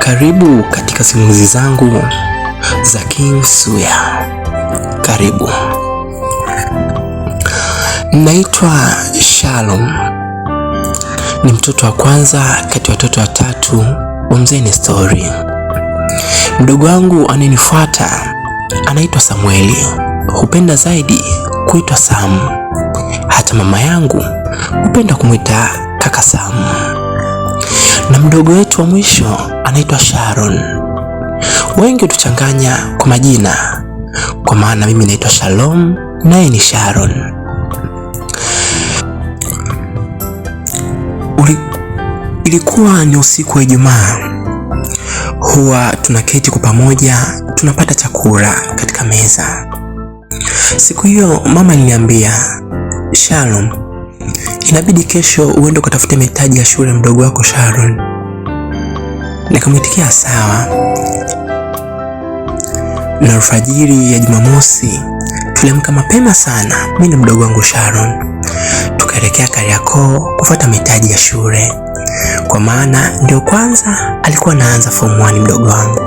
Karibu katika simulizi zangu za King Suya. Karibu. Naitwa Shalom, ni mtoto wa kwanza kati ya watoto watatu wa Mzee ni Story. Mdogo wangu anayenifuata anaitwa Samueli, hupenda zaidi kuitwa Sam. Hata mama yangu hupenda kumwita kaka Sam na mdogo wetu wa mwisho anaitwa Sharon. Wengi hutuchanganya kwa majina, kwa maana mimi naitwa Shalom, naye ni Sharon. Uli, ilikuwa ni usiku wa Ijumaa, huwa tunaketi kwa pamoja tunapata chakula katika meza. Siku hiyo mama aliniambia, Shalom inabidi kesho uende ukatafute mahitaji ya shule mdogo wako Sharon. Nikamwitikia sawa, na alfajiri ya Jumamosi tuliamka mapema sana, mimi na mdogo wangu Sharon tukaelekea Kariakoo kufuata mahitaji ya shule, kwa maana ndio kwanza alikuwa anaanza form 1 mdogo wangu.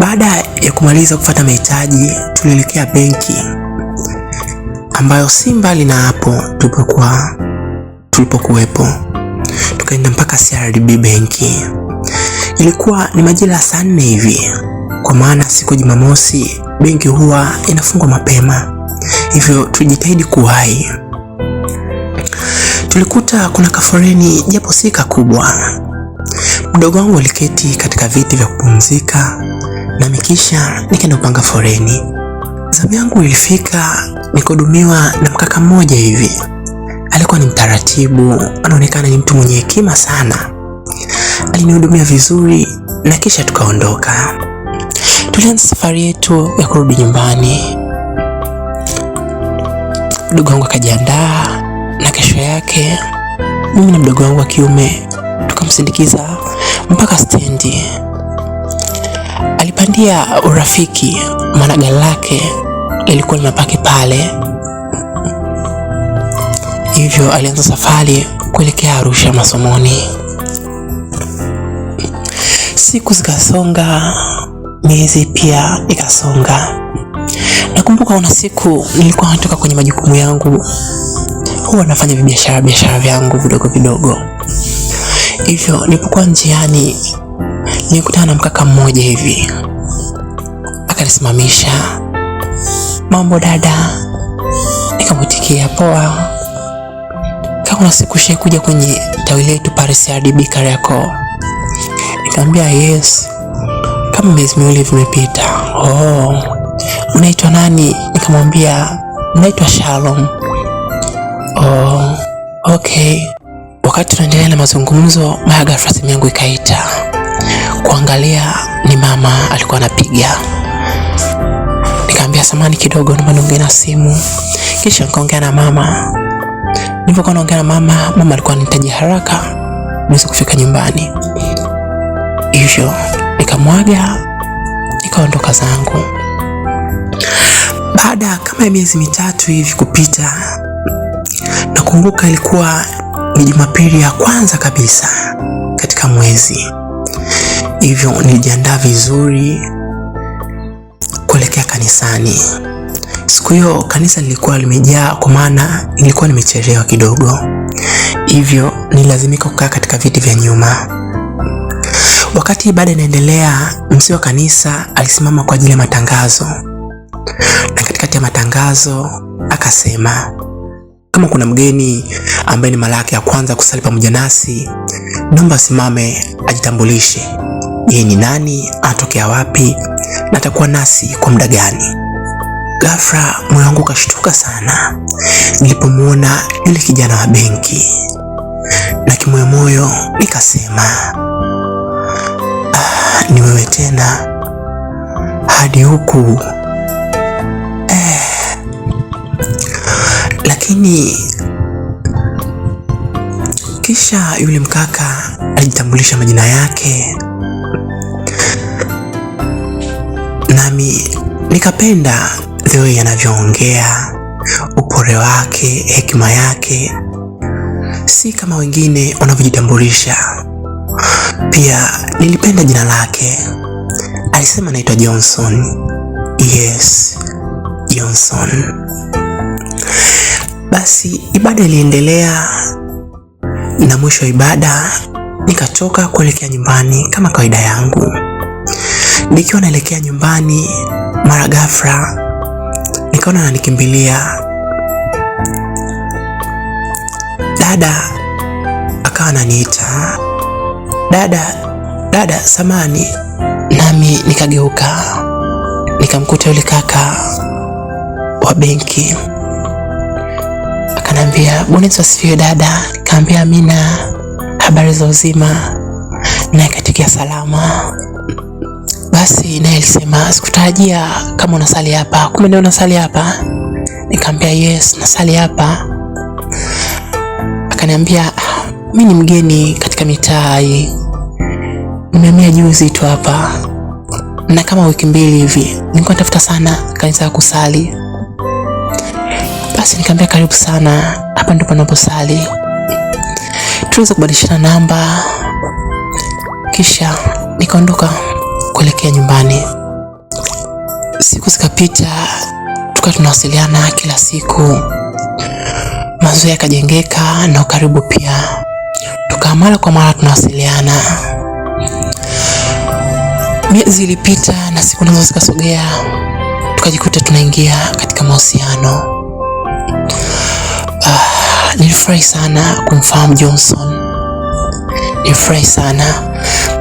Baada ya kumaliza kufuata mahitaji, tulielekea benki ambayo si mbali na hapo tulipokuwa tulipokuwepo, tukaenda mpaka CRDB benki. Ilikuwa ni majira saa nne hivi, kwa maana siku Jumamosi benki huwa inafungwa mapema, hivyo tujitahidi kuwahi. Tulikuta kuna kaforeni japo si kakubwa. Mdogo wangu aliketi katika viti vya kupumzika, nami kisha nikaenda kupanga foreni. Zamu yangu ilifika nikahudumiwa na mkaka mmoja hivi, alikuwa ni mtaratibu, anaonekana ni mtu mwenye hekima sana. Alinihudumia vizuri na kisha tukaondoka. Tulianza safari yetu ya kurudi nyumbani. Mdogo wangu akajiandaa, na kesho yake mimi na mdogo wangu wa kiume tukamsindikiza mpaka stendi. Alipandia urafiki, maana gari lake lilikuwa limepaki pale, hivyo alianza safari kuelekea Arusha masomoni. Siku zikasonga, miezi pia ikasonga. Nakumbuka una siku nilikuwa natoka kwenye majukumu yangu, huwa nafanya biashara biashara vyangu vidogo vidogo. Hivyo nilipokuwa njiani, nilikutana na mkaka mmoja hivi akanisimamisha mambo dada? Nikamwitikia poa. kama Kuna siku kuja kwenye tawi letu Paris RDB Kariakoo. Nikamwambia yes, kama miezi miwili vimepita. Oh, unaitwa nani? Nikamwambia unaitwa Shalom. Oh, okay. Wakati tunaendelea na mazungumzo, mara ghafla simu yangu ikaita, kuangalia ni mama alikuwa anapiga ya samani kidogo, naomba niongee na simu. Kisha nikaongea na mama. Nilipokuwa naongea na mama, mama alikuwa anahitaji haraka niweze kufika nyumbani, hivyo nikamwaga nikaondoka zangu. Baada kama ya miezi mitatu hivi kupita, nakumbuka ilikuwa ni Jumapili ya kwanza kabisa katika mwezi, hivyo nilijiandaa vizuri kanisani. Siku hiyo kanisa lilikuwa limejaa, kwa maana nilikuwa nimechelewa kidogo, hivyo nililazimika kukaa katika viti vya nyuma. Wakati ibada inaendelea, msee wa kanisa alisimama kwa ajili ya matangazo, na katikati ya matangazo akasema, kama kuna mgeni ambaye ni mara yake ya kwanza kusali pamoja nasi, naomba asimame ajitambulishe, yeye ni nani, anatokea wapi natakuwa atakuwa nasi kwa muda gani? Ghafla moyo wangu ukashtuka sana nilipomwona yule kijana wa benki, na kimoyomoyo nikasema ah, ni wewe tena hadi huku eh. Lakini kisha yule mkaka alijitambulisha majina yake Nikapenda the yanavyoongea anavyoongea, upole wake, hekima yake, si kama wengine wanavyojitambulisha. Pia nilipenda jina lake, alisema naitwa Johnson. Yes, Johnson. Basi ibada iliendelea, na mwisho wa ibada nikatoka kuelekea nyumbani kama kawaida yangu. Nikiwa naelekea nyumbani mara ghafla nikaona ananikimbilia. Dada akawa ananiita dada, dada samani, nami nikageuka nikamkuta yule kaka wa benki akanambia, Bwana Yesu dada. Nikaambia amina, habari za uzima, naye katikia salama basi naye alisema sikutarajia kama unasali hapa, kumbe ndio unasali hapa. Nikamwambia yes, nasali hapa. Akaniambia mimi ni mgeni katika mitaa hii, nimehamia juzi tu hapa na kama wiki mbili hivi. Nilikuwa natafuta sana kanisa ya kusali, basi nikamwambia karibu sana, hapa ndipo naposali. Tuliweza kubadilishana namba, kisha nikaondoka kuelekea nyumbani. Siku zikapita, tukawa tunawasiliana kila siku, mazoea yakajengeka na ukaribu pia, tukaa mara kwa mara tunawasiliana. Miezi ilipita na siku nazo zikasogea, tukajikuta tunaingia katika mahusiano. Uh, nilifurahi sana kumfahamu Johnson, nilifurahi sana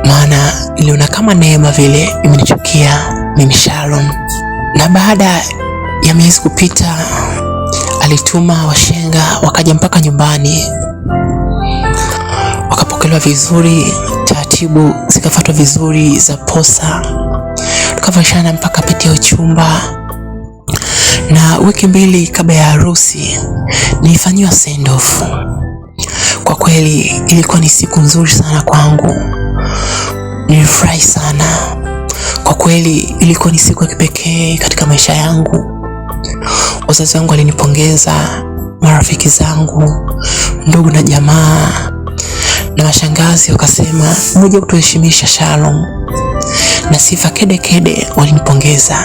maana niliona kama neema vile imenichukia mimi Shalom. Na baada ya miezi kupita, alituma washenga wakaja mpaka nyumbani, wakapokelewa vizuri, taratibu zikafuatwa vizuri za posa, tukavashana mpaka ya chumba na wiki mbili kabla ya harusi nilifanyiwa send off. Kwa kweli ilikuwa ni siku nzuri sana kwangu, Nilifurahi sana kwa kweli, ilikuwa ni siku ya kipekee katika maisha yangu. Wazazi wangu walinipongeza, marafiki zangu, ndugu na jamaa na washangazi wakasema mmoja kutuheshimisha Shalom, na sifa kede kede walinipongeza.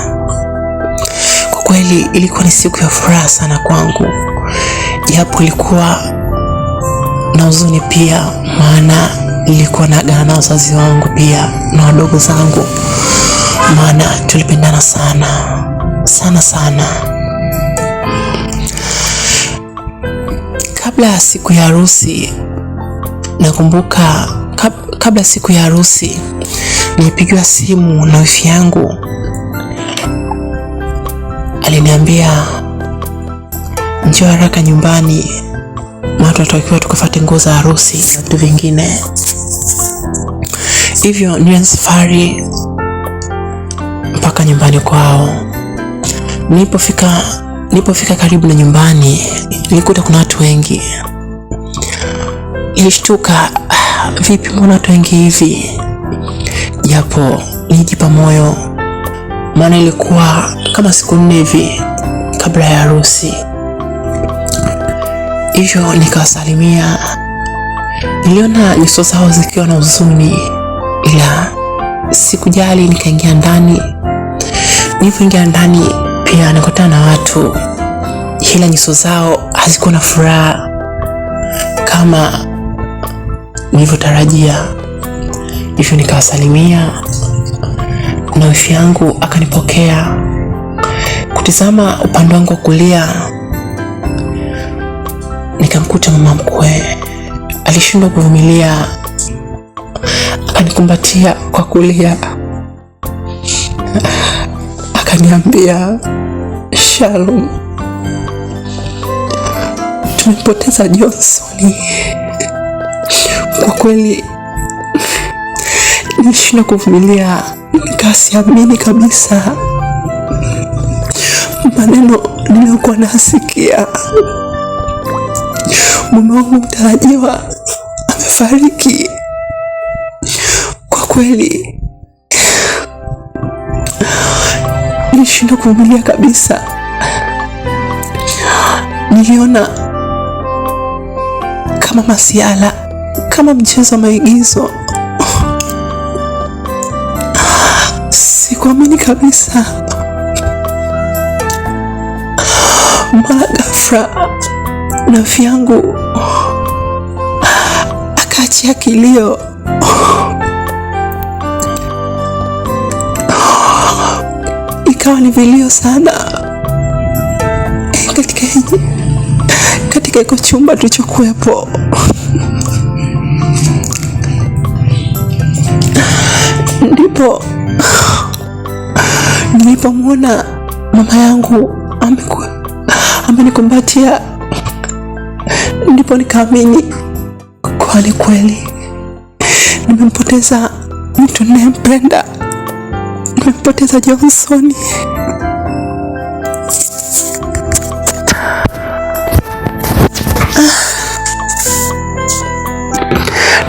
Kwa kweli, ilikuwa ni siku ya furaha sana kwangu, japo ilikuwa na huzuni pia, maana nilikuwa naagana na wazazi wangu pia na wadogo zangu, maana tulipendana sana sana sana. Kabla ya siku ya harusi nakumbuka, kab kabla siku ya harusi nilipigiwa simu na wifi yangu, aliniambia njoo haraka nyumbani tunatakiwa tukafate nguo za harusi na vitu vingine hivyo. Niwe safari mpaka nyumbani kwao. Nilipofika nilipofika karibu na nyumbani, nilikuta kuna watu wengi. Nilishtuka, ah, vipi, mbona watu wengi hivi? Japo nilijipa moyo, maana ilikuwa kama siku nne hivi kabla ya harusi hivyo nikawasalimia. Niliona nyuso zao zikiwa na huzuni, ila sikujali, nikaingia ndani. Nilipoingia ndani pia nakutana na watu, ila nyuso zao hazikuwa na furaha kama nilivyotarajia, hivyo nikawasalimia na wifi yangu akanipokea. Kutizama upande wangu wa kulia nikamkuta mama mkwe alishindwa kuvumilia, akanikumbatia kwa kulia, akaniambia Shalom, tumempoteza Johnson. Kwa kweli nilishindwa kuvumilia, nikasiamini kabisa maneno niliyokuwa nasikia mume wangu mtarajiwa amefariki. Kwa kweli nilishindwa kuvumilia kabisa, niliona kama masiala, kama mchezo wa maigizo. Sikuamini kabisa, mara ghafla na yangu akaachia kilio. Ikawa ni vilio sana katika katika iko chumba tulichokuwepo. Ndipo nilipomwona mama yangu amenikumbatia ndipo nikaamini kuwa ni kweli, nimempoteza mtu ninayempenda, nimempoteza Johnson.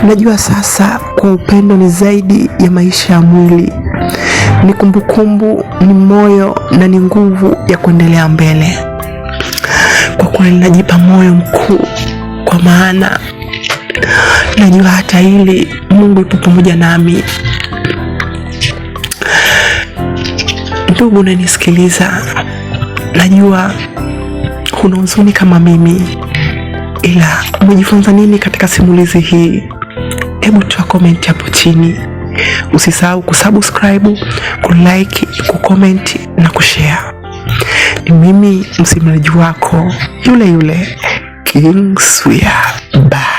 Najua sasa kwa upendo ni zaidi ya maisha ya mwili, ni kumbukumbu, ni moyo na ni nguvu ya kuendelea mbele. Kwa kweli najipa moyo mkuu, kwa maana najua hata hili Mungu yupo pamoja nami. Ndugu unanisikiliza, najua huna huzuni kama mimi, ila umejifunza nini katika simulizi hii? Hebu toa comment hapo chini. Usisahau kusubscribe, kulike, kukomenti na kushare ni mimi msimulizi wako yule yule King Suya.